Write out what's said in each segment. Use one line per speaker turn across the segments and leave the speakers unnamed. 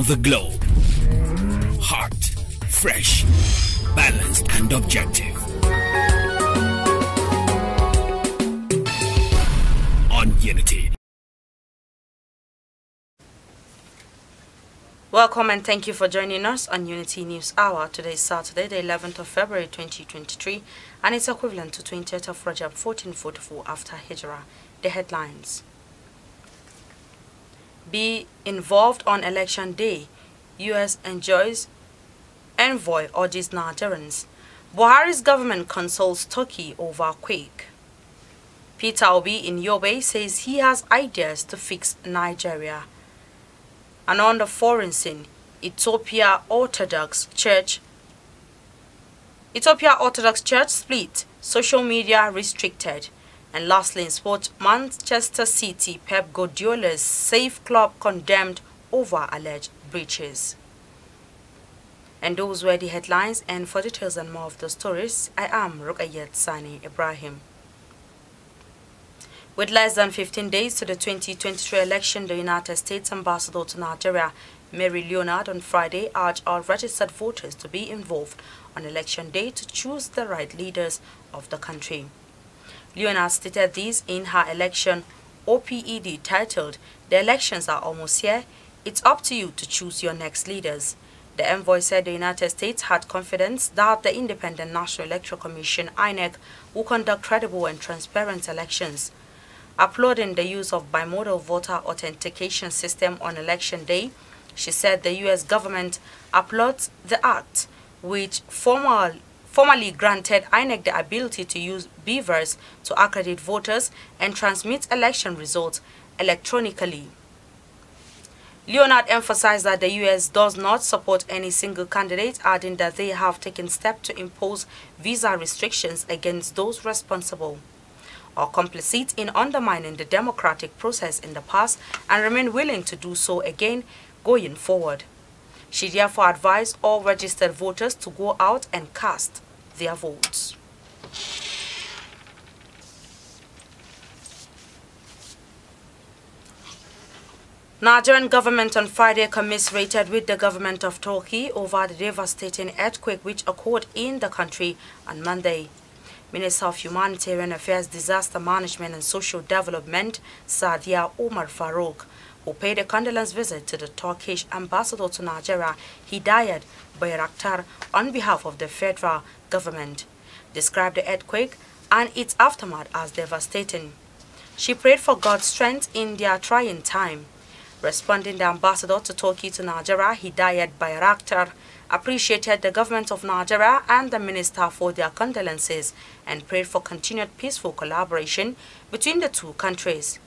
around the globe. Hot, fresh, balanced, and objective. On Unity. Welcome and thank you for joining us on Unity News Hour. Today is Saturday, the 11th of February 2023, and it's equivalent to 28th of Rajab 1444 after Hijrah. The headlines be involved on election day, U.S. enjoys envoy urges Nigerians. Buhari's government consults Turkey over quake. Peter Obi in Yobe says he has ideas to fix Nigeria. And on the foreign scene, Ethiopia Orthodox Church Ethiopia Orthodox Church split, social media restricted. And lastly, in sport, Manchester City Pep Guardiola's safe club condemned over alleged breaches. And those were the headlines and for details and more of the stories, I am Rukayet Sani Ibrahim. With less than 15 days to the 2023 election, the United States Ambassador to Nigeria, Mary Leonard, on Friday urged all registered voters to be involved on election day to choose the right leaders of the country. Leonard stated this in her election OPED titled, The Elections Are Almost Here, It's Up to You to Choose Your Next Leaders. The envoy said the United States had confidence that the Independent National Electoral Commission, INEC, will conduct credible and transparent elections. Applauding the use of bimodal voter authentication system on election day, she said the U.S. government applauds the act, which formal formally granted INEC the ability to use beavers to accredit voters and transmit election results electronically. Leonard emphasized that the U.S. does not support any single candidate, adding that they have taken steps to impose visa restrictions against those responsible or complicit in undermining the democratic process in the past and remain willing to do so again going forward. She therefore advised all registered voters to go out and cast their votes. Nigerian government on Friday commiserated with the government of Turkey over the devastating earthquake which occurred in the country on Monday. Minister of Humanitarian Affairs, Disaster Management and Social Development, Sadia Omar Farouk, who paid a condolence visit to the Turkish ambassador to Nigeria, Hidayat Bayraktar, on behalf of the federal government, described the earthquake and its aftermath as devastating. She prayed for God's strength in their trying time. Responding, the ambassador to Turkey to Nigeria, Hidayat Bayraktar, appreciated the government of Nigeria and the minister for their condolences and prayed for continued peaceful collaboration between the two countries.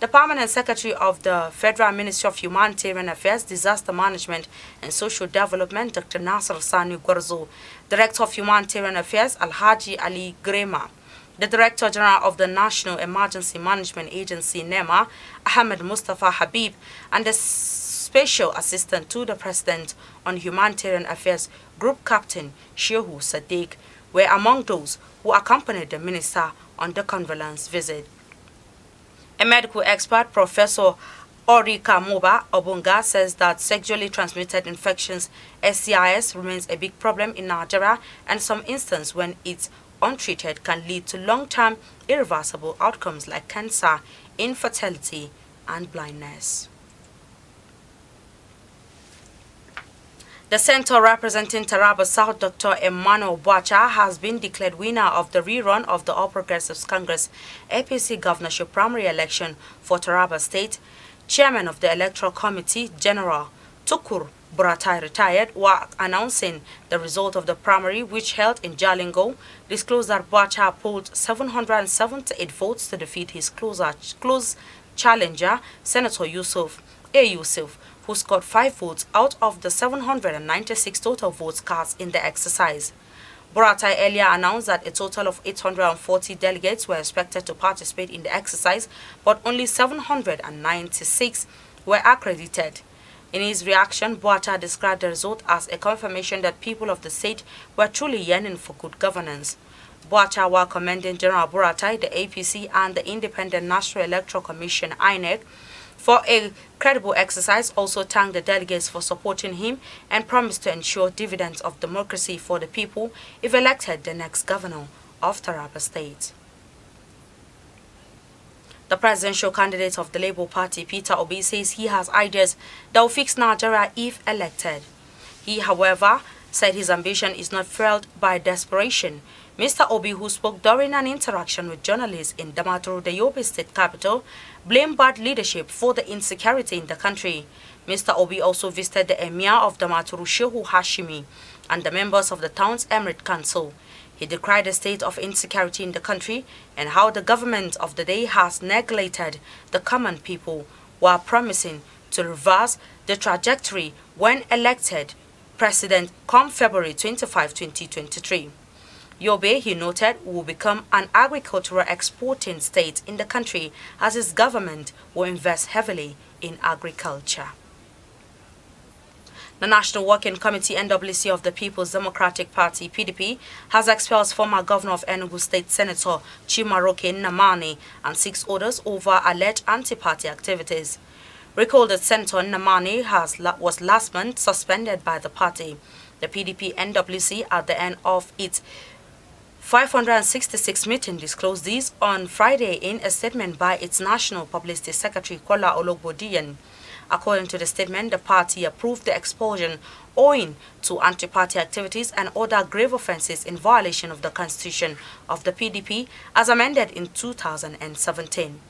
The Permanent Secretary of the Federal Ministry of Humanitarian Affairs, Disaster Management and Social Development, Dr. Nasser Sani Gorzo, Director of Humanitarian Affairs, Alhaji Ali Grema, the Director General of the National Emergency Management Agency, NEMA, Ahmed Mustafa Habib, and the Special Assistant to the President on Humanitarian Affairs, Group Captain Shehu Sadiq, were among those who accompanied the minister on the condolence visit. A medical expert, Professor Orika Moba Obunga, says that sexually transmitted infections, SCIS, remains a big problem in Nigeria and some instances when it's untreated can lead to long-term irreversible outcomes like cancer, infertility, and blindness. The center representing Taraba South, Dr. Emmanuel Bwacha, has been declared winner of the rerun of the All Progressives Congress APC governorship primary election for Taraba State. Chairman of the Electoral Committee, General Tukur Buratai retired, while announcing the result of the primary which held in Jalingo, disclosed that Bwacha polled 778 votes to defeat his close, close challenger, Senator Yusuf A. Yusuf who scored 5 votes out of the 796 total votes cast in the exercise. Buratai earlier announced that a total of 840 delegates were expected to participate in the exercise, but only 796 were accredited. In his reaction, Boata described the result as a confirmation that people of the state were truly yearning for good governance. Boata, while commending General Buratai, the APC, and the Independent National Electoral Commission, INEC, for a credible exercise, also thanked the delegates for supporting him and promised to ensure dividends of democracy for the people if elected the next governor of Taraba State. The presidential candidate of the Labour Party, Peter Obi, says he has ideas that will fix Nigeria if elected. He, however, said his ambition is not fueled by desperation Mr. Obi, who spoke during an interaction with journalists in Damaturu, the Yobe state capital, blamed bad leadership for the insecurity in the country. Mr. Obi also visited the emir of Damaturu, Shehu Hashimi, and the members of the town's emirate council. He decried the state of insecurity in the country and how the government of the day has neglected the common people while promising to reverse the trajectory when elected president come February 25, 2023. Yobe, he noted, will become an agricultural exporting state in the country as his government will invest heavily in agriculture. The National Working Committee NWC of the People's Democratic Party PDP has expelled former governor of Enugu State Senator Chimaroke Namani and six others over alleged anti-party activities. Recall that Senator Namani has, was last month suspended by the party. The PDP NWC at the end of its 566 meeting disclosed this on Friday in a statement by its National Publicity Secretary Kola Ologbodiyan. According to the statement, the party approved the expulsion owing to anti-party activities and other grave offences in violation of the constitution of the PDP as amended in 2017.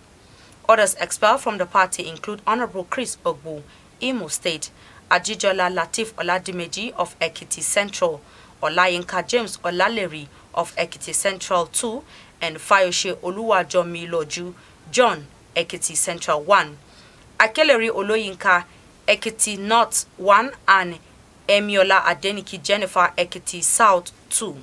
Others expelled from the party include Honorable Chris Ogbu, Imo State, Ajijola Latif Oladimeji of Ekiti Central, Olayinka James Olaleri of Ekiti Central 2 and Fayoshe Oluwajomi Loju John Ekiti Central 1. Akeleri Oloyinka Ekiti North 1 and Emiola Adeniki Jennifer Ekiti South 2.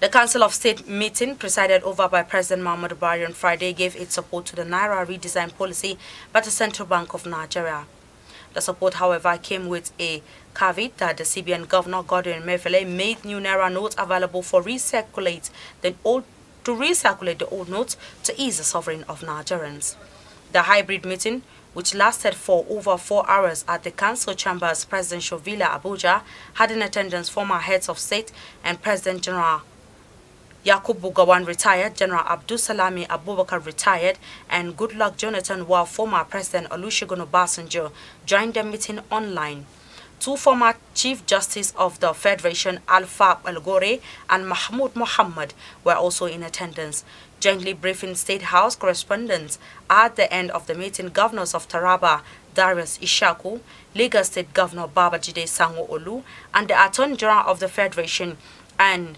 The Council of State meeting, presided over by President Mahmoud Buhari on Friday, gave its support to the Naira redesign policy by the Central Bank of Nigeria. The support, however, came with a caveat that the CBN Governor Gordon Mefele made new Naira notes available for recirculate the old to recirculate the old notes to ease the sovereign of Nigerians. The hybrid meeting, which lasted for over four hours at the Council Chambers Presidential Villa Abuja, had in attendance former heads of state and President General Yakub Bugawan retired, General Abdul Salami Abubakar retired, and Goodluck Jonathan, while former President Olusegun Obasanjo joined the meeting online two former Chief Justice of the Federation, Alpha Algore and Mahmoud Mohammed, were also in attendance. Jointly briefing State House correspondents at the end of the meeting, governors of Taraba, Darius Ishaku, Lagos State Governor Babajide Sanwo-Olu, and the Attorney General of the Federation, and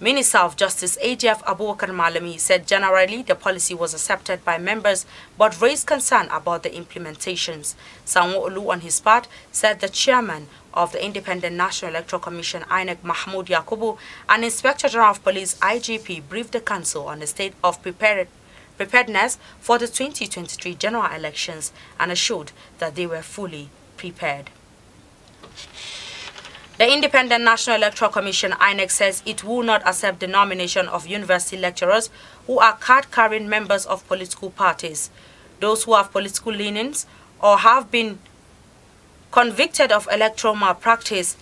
Minister of Justice AGF Abubakar Malami said generally the policy was accepted by members but raised concern about the implementations. Sanwo-Olu on his part said the chairman of the Independent National Electoral Commission INEC Mahmoud Yakubu and Inspector General of Police IGP briefed the council on the state of prepared preparedness for the 2023 general elections and assured that they were fully prepared. The Independent National Electoral Commission, INEC, says it will not accept the nomination of university lecturers who are card-carrying members of political parties. Those who have political leanings or have been convicted of electoral malpractice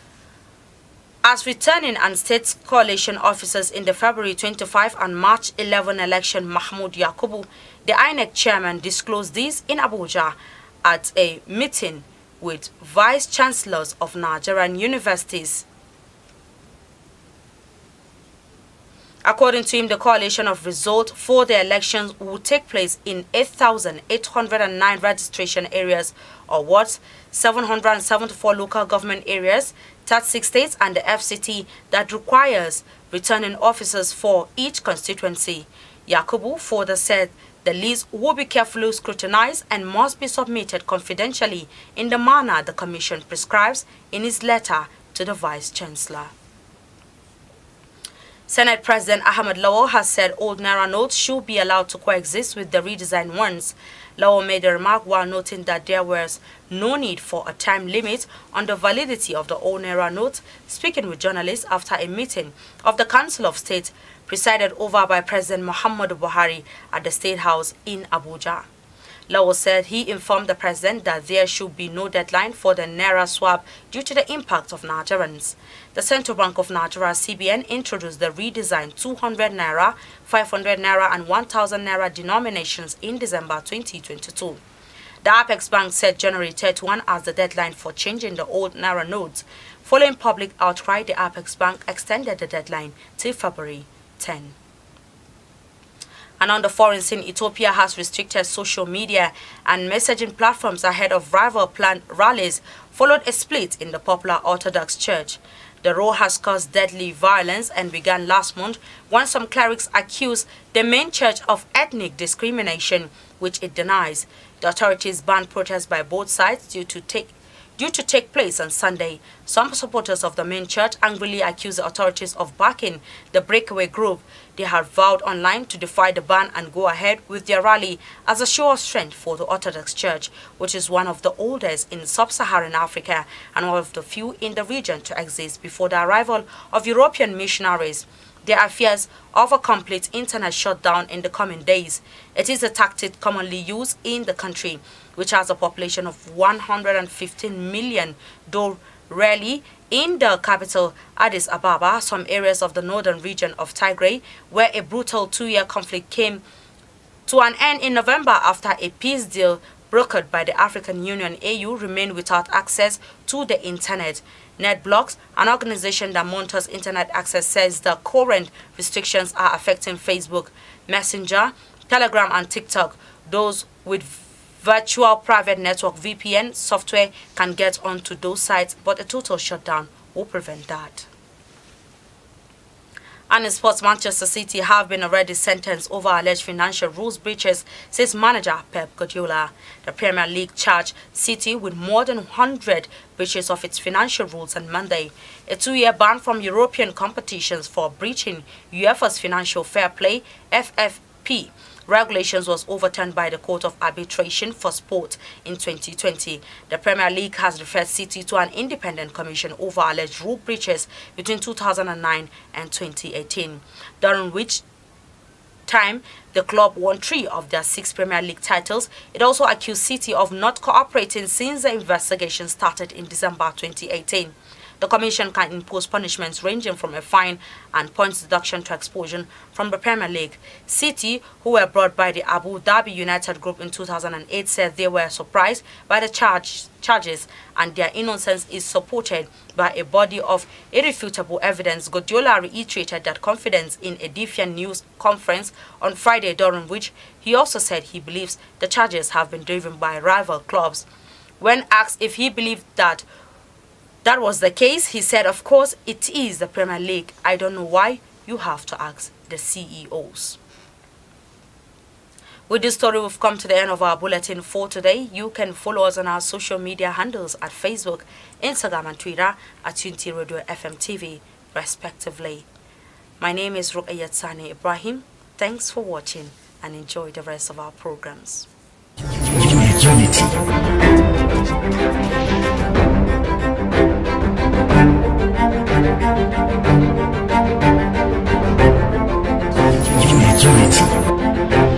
as returning and state coalition officers in the February 25 and March 11 election, Mahmoud Yakubu, the INEC chairman, disclosed this in Abuja at a meeting with vice chancellors of Nigerian universities. According to him, the coalition of result for the elections will take place in 8,809 registration areas or wards, 774 local government areas, 36 states and the FCT that requires returning officers for each constituency. Yakubu further said the list will be carefully scrutinized and must be submitted confidentially in the manner the Commission prescribes in its letter to the Vice-Chancellor. Senate President Ahmed Lawo has said old Naira notes should be allowed to coexist with the redesigned ones. Lawo made the remark while noting that there was no need for a time limit on the validity of the old Naira notes. speaking with journalists after a meeting of the Council of State presided over by President Muhammad Buhari at the State House in Abuja. Lowell said he informed the president that there should be no deadline for the Naira swap due to the impact of Nigerians. The Central Bank of Nigeria, CBN, introduced the redesigned 200 Naira, 500 Naira and 1000 Naira denominations in December 2022. The Apex Bank set January 31 as the deadline for changing the old Naira notes. Following public outcry, the Apex Bank extended the deadline to February 10. And on the foreign scene, Ethiopia has restricted social media and messaging platforms ahead of rival planned rallies followed a split in the popular Orthodox Church. The row has caused deadly violence and began last month when some clerics accused the main church of ethnic discrimination, which it denies. The authorities banned protests by both sides due to take due to take place on Sunday. Some supporters of the main church angrily accuse the authorities of backing the breakaway group. They have vowed online to defy the ban and go ahead with their rally as a show of strength for the Orthodox Church, which is one of the oldest in sub-Saharan Africa and one of the few in the region to exist before the arrival of European missionaries. There are fears of a complete internet shutdown in the coming days. It is a tactic commonly used in the country, which has a population of 115 million, though rarely in the capital Addis Ababa, some areas of the northern region of Tigray, where a brutal two-year conflict came to an end in November after a peace deal brokered by the African Union AU remain without access to the internet. NetBlocks, an organization that monitors internet access, says the current restrictions are affecting Facebook, Messenger, Telegram and TikTok. Those with virtual private network VPN software can get onto those sites, but a total shutdown will prevent that. And in sports, Manchester City have been already sentenced over alleged financial rules breaches, says manager Pep Guardiola. The Premier League charged City with more than 100 breaches of its financial rules on Monday. A two-year ban from European competitions for breaching UEFA's financial fair play, FFP, regulations was overturned by the Court of Arbitration for Sport in 2020. The Premier League has referred City to an independent commission over alleged rule breaches between 2009 and 2018, during which time the club won three of their six Premier League titles. It also accused City of not cooperating since the investigation started in December 2018. The Commission can impose punishments ranging from a fine and points deduction to expulsion from the Premier League. City, who were brought by the Abu Dhabi United Group in 2008, said they were surprised by the charge, charges and their innocence is supported by a body of irrefutable evidence. Guardiola reiterated that confidence in a defiant news conference on Friday, during which he also said he believes the charges have been driven by rival clubs. When asked if he believed that that was the case, he said, of course, it is the Premier League. I don't know why. You have to ask the CEOs. With this story, we've come to the end of our bulletin for today. You can follow us on our social media handles at Facebook, Instagram, and Twitter at Unity Radio FM TV, respectively. My name is Rukayat Sani Ibrahim. Thanks for watching and enjoy the rest of our programs. Unity. Unity.